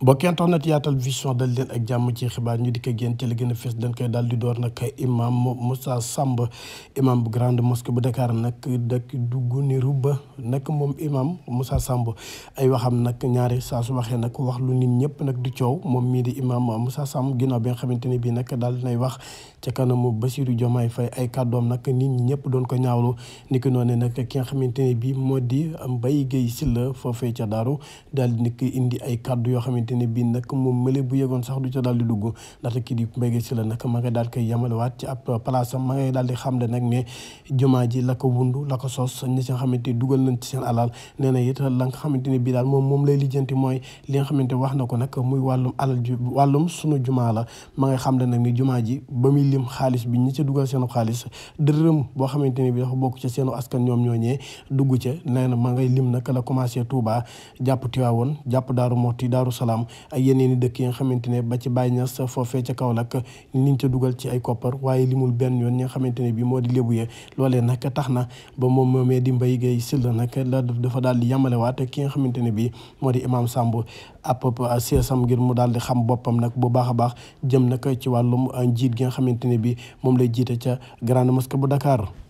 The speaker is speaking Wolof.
mbokk internet yaatal vision dal leen ak jàmm ci xibaar ñu di ko génn te la gën a fees dañ koy daal di door nag imam Moussa Samb imam bu grande mosquée bu Dakar nag dëkk du guniru ba nag moom imam Moussa Samb ay waxam nag ñaari saa su waxee nag wax lu nit ñëpp nag du coow moom mii di imam Moussa Samb ginnaaw bi nga xamante ne bii nag daal dinay wax ca kanamu Bassirou Diomaye Faye ay kàddoom nag nit ñi ñëpp doon ko ñaawlu ni ki noonu nag ki nga xamante ne bii moo di am bay Mbaye Guèye Sylla foofee ca Daaru daal di indi ay kàddu yoo xamante xamante ne bii nag moom mële bu yegoon sax du ca daal di dugg ndaxte kii di Mbengue Sylla nag ma nga daal koy yamalewaat la ko wundu la ko sos ñi nga ne bii daal moom moom lay lijjanti mooy li nga xamante wax na ko nag muy wàllum alal ju wàllum sunu jumaa la ma ngay xamle nag ne jumaa ji ba muy lim xaalis bi ñi ca dugal seen xaalis dërëm boo xamante ne bi dafa bokk ca seenu askan ñoom ñooñee dugg ca nee ma ngay lim nag la commencé Touba jàpp Tiwaawoon jàpp Daaru Mooti Daaru Salaam Wakaam ak yeneen dëkk yi nga xamante ne ba ci Baye Niass fee ca kaw Kaolack niñ ca dugal ci ay koppar waaye limul benn yoon ñi nga xamante ne bi moo di lébu loolee nag tax na ba moom moomee di Mbaye Guèye Sylla nag la dafa daal di yamalewaat ki nga xamante ne bi moo di Imam Samb ab seesam ngir mu daal di xam boppam nag bu baax a baax jëm nag ci wàllum njiit gi nga xamante ne bi moom lay jiite ca Grande Mosquée bu dakaar